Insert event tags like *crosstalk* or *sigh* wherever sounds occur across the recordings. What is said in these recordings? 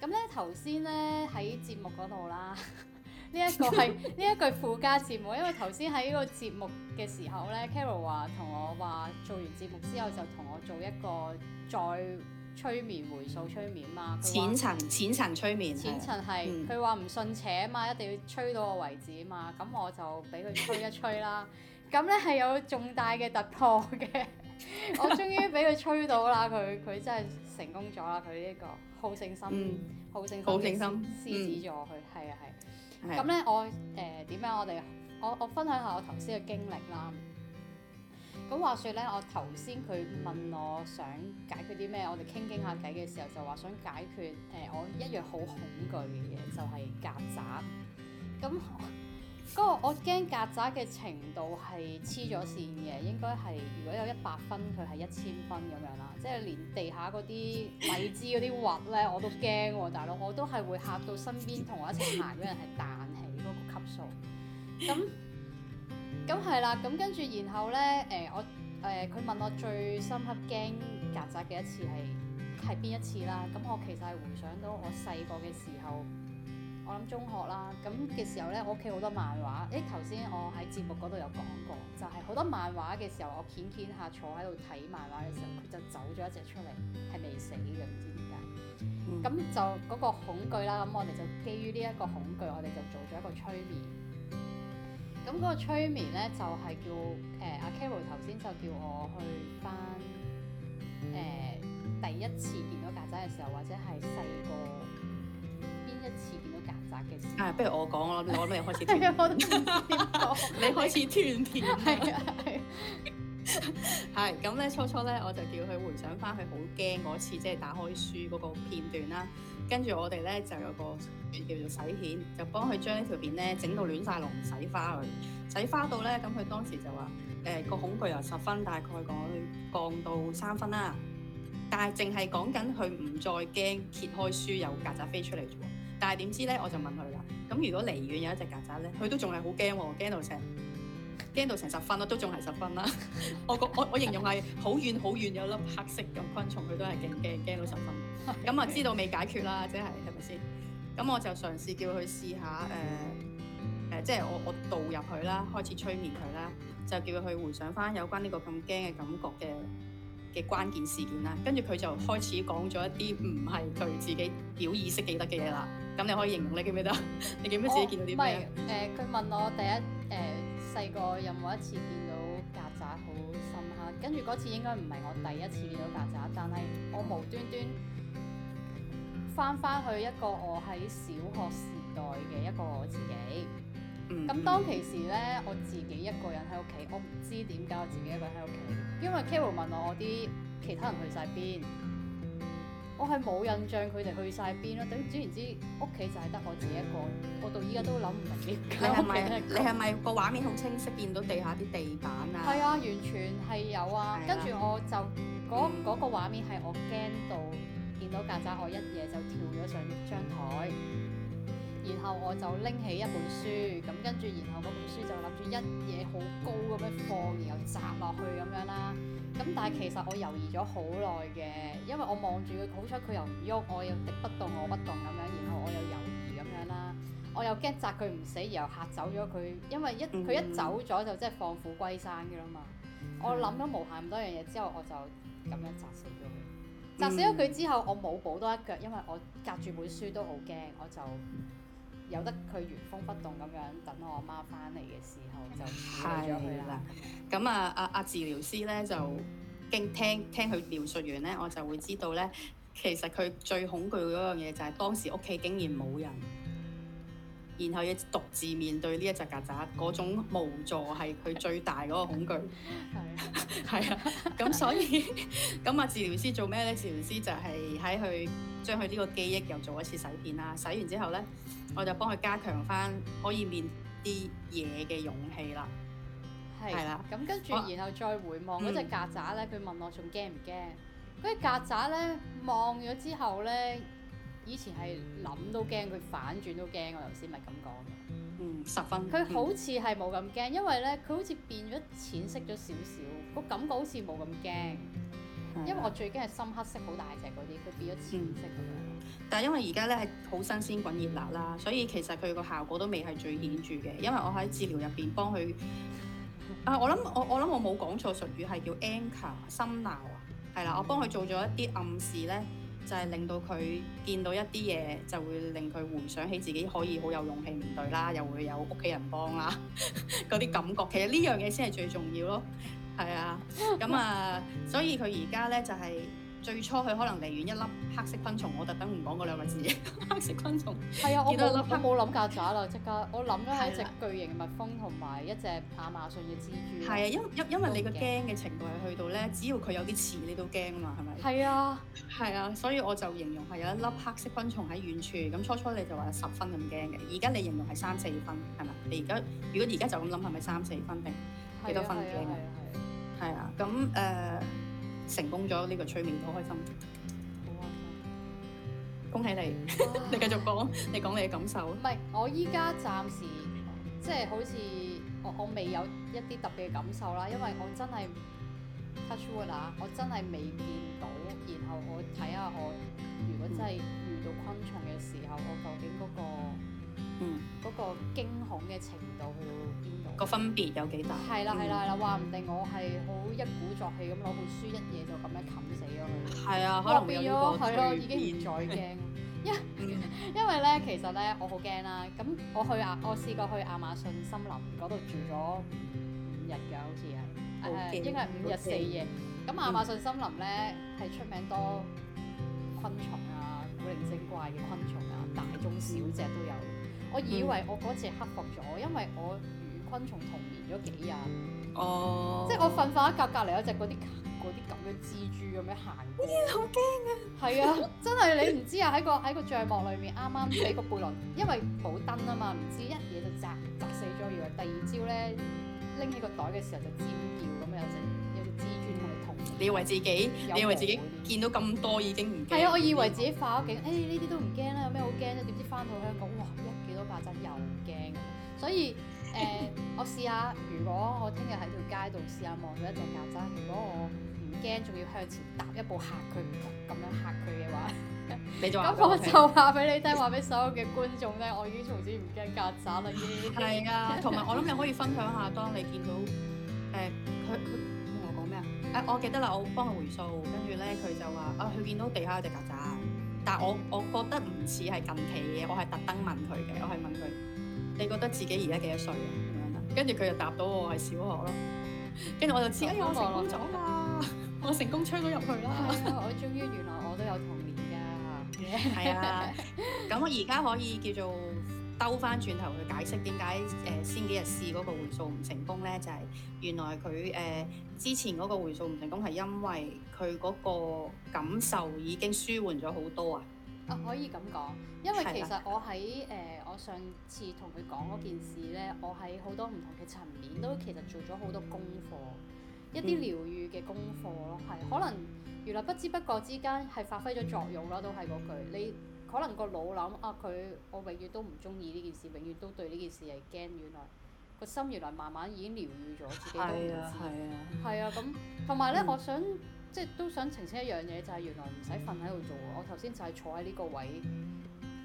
咁咧頭先咧喺節目嗰度啦，呢一個係呢一句附加節目，因為頭先喺呢個節目嘅時候咧 *laughs* ，Carol 話同我話做完節目之後就同我做一個再催眠回溯催眠嘛。淺層淺層催眠，淺層係佢話唔信邪啊嘛，一定要催到我為止啊嘛。咁我就俾佢催一催啦。咁咧係有重大嘅突破嘅， *laughs* 我終於俾佢催到啦！佢佢 *laughs* 真係成功咗啦！佢呢一個。好勝心，嗯、好勝心，心，好勝心。獅子座去，係、嗯、啊係，咁咧、啊、我誒點、呃、樣、啊？我哋我我分享下我頭先嘅經歷啦。咁話説咧，我頭先佢問我想解決啲咩？我哋傾傾下偈嘅時候就話想解決誒、呃、我一樣好恐懼嘅嘢，就係曱甴。咁嗰個我驚曱甴嘅程度係黐咗線嘅，應該係如果有一百分佢係一千分咁樣啦，即係連地下嗰啲荔枝嗰啲核咧我都驚喎、哦，大佬我都係會嚇到身邊同我一齊行嗰人係彈起嗰個級數。咁咁係啦，咁跟住然後咧，誒、呃、我誒佢、呃、問我最深刻驚曱甴嘅一次係係邊一次啦？咁我其實係回想到我細個嘅時候。我諗中學啦，咁嘅時候咧，我屋企好多漫畫。誒頭先我喺節目嗰度有講過，就係、是、好多漫畫嘅時候，我攣攣下坐喺度睇漫畫嘅時候，佢就走咗一隻出嚟，係未死嘅，唔知點解。咁、mm hmm。就嗰個恐懼啦。咁我哋就基於呢一個恐懼，我哋就做咗一個催眠。咁嗰個催眠咧，就係、是、叫誒阿、呃、Carol 頭先就叫我去返誒、呃、第一次見到曱甴嘅時候，或者係細個邊一次見到曱。啊！不如我講咯，我咪開始斷片講， *laughs* *laughs* 你開始斷片。係 *laughs* 啊， *laughs* 咁咧， *laughs* *laughs* 初初咧我就叫佢回想翻佢好驚嗰次，即係打開書嗰個片段啦。跟住我哋咧就有個叫做洗蜆，就幫佢將呢條片咧整到亂晒龍，洗花佢，洗花到咧咁佢當時就話：誒、欸、個恐懼由十分，大概降降到三分啦。但係淨係講緊佢唔再驚揭開書有曱甴飛出嚟。但係點知咧，我就問佢啦。咁如果離遠有一隻曱甴咧，佢都仲係好驚喎，驚到成，驚到成十分咯，都仲係十分啦。 *laughs* 我個我我形容係好遠好遠有粒黑色咁昆蟲，佢都係勁驚，驚到十分。咁啊 Okay.、嗯、知道未解決啦，即係係咪先？咁我就嘗試叫佢試下誒誒，即係我我導入佢啦，開始催眠佢啦，就叫佢去回想翻有關呢個咁驚嘅感覺嘅。嘅關鍵事件啦，跟住佢就開始講咗一啲唔係佢自己表意識記得嘅嘢啦。咁你可以形容你記唔記得？你記唔 *laughs* 記得自己、哦、見到啲咩？唔係誒，佢、呃、問我第一誒細個有冇一次見到曱甴好深刻？跟住嗰次應該唔係我第一次見到曱甴，嗯、但係我無端端返返去一個我喺小學時代嘅一個我自己。當其時咧，我自己一個人喺屋企，我唔知點解我自己一個人喺屋企。因為 Carol 問我我啲其他人去晒邊，我係冇印象佢哋去晒邊咯。總言之屋企就係得我自己一個，我到依家都諗唔明點解。你係咪？ *laughs* 你係咪個畫面好清晰，見到地下啲地板啊？係啊，完全係有啊。跟住是、啊、我就嗰嗰、嗰個畫面係我驚到，見到曱甴，我一嘢就跳咗上張台。然後我就拎起一本書咁，跟住然後，然後本書就諗住一嘢好高咁樣放，然後砸落去咁樣啦。咁但係其實我猶豫咗好耐嘅，因為我望住佢，好彩佢又唔喐，我又敵不動我不動咁樣，然後我又猶豫咁樣啦。我又驚砸佢唔死，然後嚇走咗佢，因為一佢一走咗就即係放虎歸山嘅啦嘛。我諗咗無限咁多樣嘢之後，我就咁樣砸死咗佢。砸死咗佢之後，我冇補多一腳，因為我隔住本書都好驚，我就。由得佢原封不動咁樣，等我阿媽翻嚟嘅時候就離開咗佢啦。咁啊，阿阿治療師咧就經聽聽佢描述完咧，我就會知道咧，其實佢最恐懼嗰樣嘢就係當時屋企竟然冇人，然後要獨自面對呢一隻曱甴，嗰種無助係佢最大嗰個恐懼。係啊， *laughs* *laughs* 係啊，咁所以咁阿治療師做咩咧？治療師就係喺佢。將佢呢個記憶又做一次洗片啦，洗完之後咧，我就幫佢加強翻，可以面啲嘢嘅勇氣啦。係啦，咁跟住，然後再回望嗰隻曱甴咧，佢、嗯、問我仲驚唔驚？嗰隻曱甴咧望咗之後咧，以前係諗都驚，佢反轉都驚。我頭先咪咁講嘅。嗯，十分。佢、嗯、好似係冇咁驚，因為咧佢好似變咗淺色咗少少，個感覺好似冇咁驚。因為我最驚係深黑色好大隻嗰啲，佢變咗淺色咁樣、嗯。但係因為而家咧係好新鮮滾熱辣啦，所以其實佢個效果都未係最顯著嘅。因為我喺治療入邊幫佢，啊我諗我我諗我冇講錯術語係叫 anchor 心錨啊，係啦，我幫佢做咗一啲暗示咧，就係、是、令到佢見到一啲嘢就會令佢回想起自己可以好有勇氣面對啦，又會有屋企人幫啦嗰啲 *laughs* 感覺。其實呢樣嘢先係最重要咯。係啊，咁啊、 *laughs* 嗯，所以佢而家咧就係最初佢可能離遠一粒黑色昆蟲，我特登唔講嗰兩個字 *laughs* 黑色昆蟲。係 *laughs* 啊，我冇我冇諗曱甴啦，即刻我諗咗係隻巨型嘅蜜蜂同埋一隻亞馬遜嘅蜘蛛。係啊， *laughs* *laughs* 因因因為你個驚嘅程度係去到咧，只要佢有啲刺，你都驚啊嘛，係咪？係 *laughs* 的嗎 *laughs* 啊，係啊，所以我就形容係有一粒黑色昆蟲喺遠處，咁初初你就話有十分咁驚嘅。而家你形容係三四分，係咪？你而家如果而家就咁諗，係咪三四分定幾多分驚？ *laughs* 對啊 *laughs* *laughs* 成功咗呢個催眠好開心好、啊，好啊！恭喜你，哇 *laughs* 你繼續講，你講你嘅感受。唔係，我依家暫時即係好似我我未有一啲特別嘅感受啦，因為我真係 touch wood 啦，我真係未見到。然後我睇下我如果真係遇到昆蟲嘅時候，嗯、我究竟嗰、嗰個。嗯，嗰個驚恐嘅程度去到邊度？個分別有幾大？係啦係啦係啦，話唔、嗯啊啊啊、定我係好一鼓作氣咁攞本書一嘢就咁樣冚死咗佢。係啊，可能變咗係咯，已經唔再驚。因、 *laughs* 嗯、 *laughs* 因為咧，其實咧我好驚啦、啊。咁我去亞、啊，我試過去亞馬遜森林嗰度住咗五日㗎，好似係、啊，應該係五日四夜。咁亞馬遜森林咧係出名多昆蟲啊，古靈精怪嘅昆蟲啊，大中小隻都有。 *laughs* 我以為我嗰次克服咗，因為我與昆蟲同眠咗幾日，哦、oh.，即係我瞓瞓一覺，隔離有隻嗰啲啲咁嘅蜘蛛咁樣行，咦好驚啊！係啊，真係你唔知啊！喺 *laughs* 個喺個帳幕裏面，啱啱俾個背囊，因為冇燈啊嘛，唔知一嘢就砸砸死咗。以為第二朝咧拎起個袋嘅時候就尖叫咁，有隻有隻蜘蛛同你痛。你以為自己有母 你以為自己些見到咁多已經唔驚係啊？我以為自己化咗景，誒、欸、呢啲都唔驚啦，有咩好驚咧？點知翻到去一講哇！哇哇曱甴又唔驚，所以誒、呃，我試下，如果我聽日喺條街度試下望到一隻曱甴，如果我唔驚，仲要向前踏一步嚇佢，唔同。咁樣嚇佢嘅話，咁 *laughs* 還說 我就話俾你聽，話俾所有嘅觀眾咧，我已經從此唔驚曱甴啦。係啊，同埋 *laughs* 我諗你可以分享下，當你見到誒佢佢同我講咩啊？誒，我記得啦，我幫佢回溯，跟住咧佢就話啊，佢見到地下有隻曱甴。但我我覺得唔似係近期嘅，我係特登問佢嘅，我係問佢，你覺得自己而家幾多歲啊？咁樣啦，跟住佢就答到我係小學咯，跟住我就知，哦、哎呦我成功咗啦，嗯、我成功吹咗入去啦、哎，我終於原來我都有童年㗎，係啊，咁、 *laughs* 哎、我而家、啊 *laughs* 哎、可以叫做。兜翻轉頭去解釋點解誒先幾日試嗰個回溯唔成功咧，就係、是、原來佢誒、呃、之前嗰個回溯唔成功係因為佢嗰個感受已經舒緩咗好多啊！嗯、啊，可以咁講，因為其實我喺誒、呃、我上次同佢講嗰件事咧，我喺好多唔同嘅層面都其實做咗好多功課，一啲療癒嘅功課咯，係、嗯、可能原來不知不覺之間係發揮咗作用咯，都係嗰句你。可能個腦諗啊佢我永遠都唔中意呢件事，永遠都對呢件事係驚。原來個心原來慢慢已經療癒咗自己個啊係啊，咁、啊，同埋咧，我想即係都想澄清一樣嘢，就係原來唔使瞓喺度做。我頭先就係坐喺呢個位，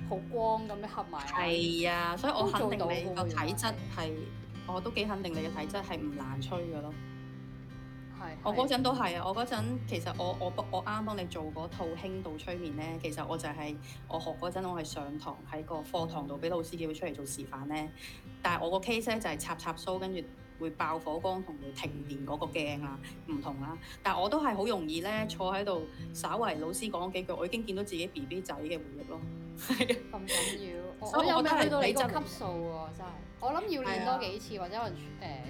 好光咁樣合埋眼。係啊，所以我做到你個體質係，我都幾肯定你嘅體質係唔、啊、難吹嘅咯。是我嗰陣都係啊！我嗰陣其實我我我啱幫你做嗰套輕度催眠咧，其實我就係、是、我學嗰陣我係上堂喺個課堂度俾老師叫出嚟做示範咧，但係我個 case 咧就係插插梳，跟住會爆火光同埋停電嗰個鏡啦，唔同啦。但係我都係好容易咧坐喺度，稍為老師講幾句，我已經見到自己 B B 仔嘅回憶咯。係咁緊要。 *laughs* 我睇 So 有冇到你個級數喎、啊、真係，我諗要練多幾次 Yeah. 或者可能誒。呃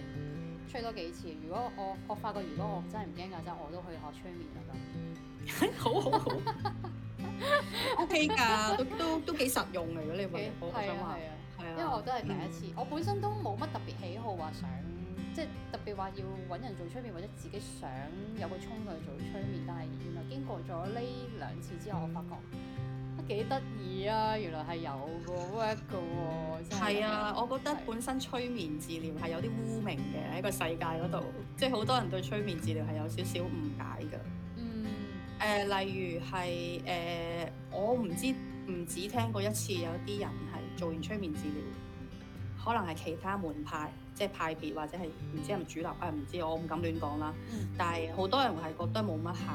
吹多幾次，如果我我發覺如果我真係唔驚㗎真，我都去學催眠啦咁。 *laughs* 好好好，OK 㗎，都都都幾實用嚟嘅呢樣嘢，好的想話，因為我都係第一次，嗯、我本身都冇乜特別喜好話想，即係特別話要揾人做催眠或者自己想有個衝動去做催眠，但係原來經過咗呢兩次之後，我發覺。嗯幾得意啊！原來係有嘅，work 㗎喎，真係。係啊，我覺得本身催眠治療係有啲污名嘅喺個世界嗰度，嗯、即係好多人對催眠治療係有少少誤解㗎。嗯。誒、呃，例如係誒、呃，我唔知唔止聽過一次，有啲人係做完催眠治療，可能係其他門派，即係派別或者係唔知係咪主流啊？呃、唔知，我唔敢亂講啦。嗯、但係好多人係覺得冇乜效。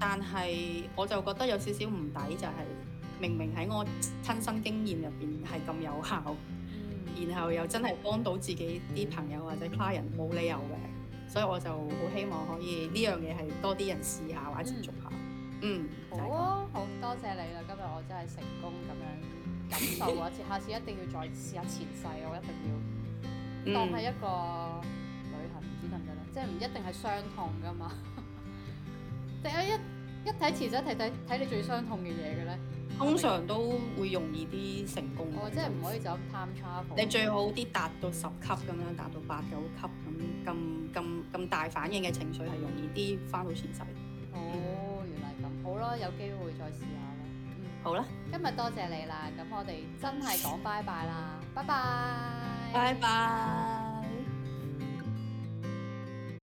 但係我就覺得有少少唔抵，就係、是、明明喺我親身經驗入邊係咁有效，嗯、然後又真係幫到自己啲朋友或者 c 人，冇理由嘅，所以我就好希望可以呢樣嘢係多啲人試下或者接觸下。嗯，嗯好啊，好多謝，謝你啦！今日我真係成功咁樣感受 *laughs* 下次一定要再試下前世，我一定要、嗯、當係一個旅行，唔知得唔得咧？即係唔一定係傷痛噶嘛，即係一。一睇前世睇睇睇你最傷痛嘅嘢嘅咧，通常都會容易啲成功。哦，即係唔可以走 time travel。你最好啲達到十級咁樣，達到八九級咁咁咁咁大反應嘅情緒係容易啲翻到前世。哦，原來咁好啦，有機會再試下啦。嗯，好啦，今日多謝你啦，咁我哋真係講拜拜啦，bye bye